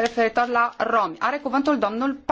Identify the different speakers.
Speaker 1: referitor la romi. Are cuvântul domnul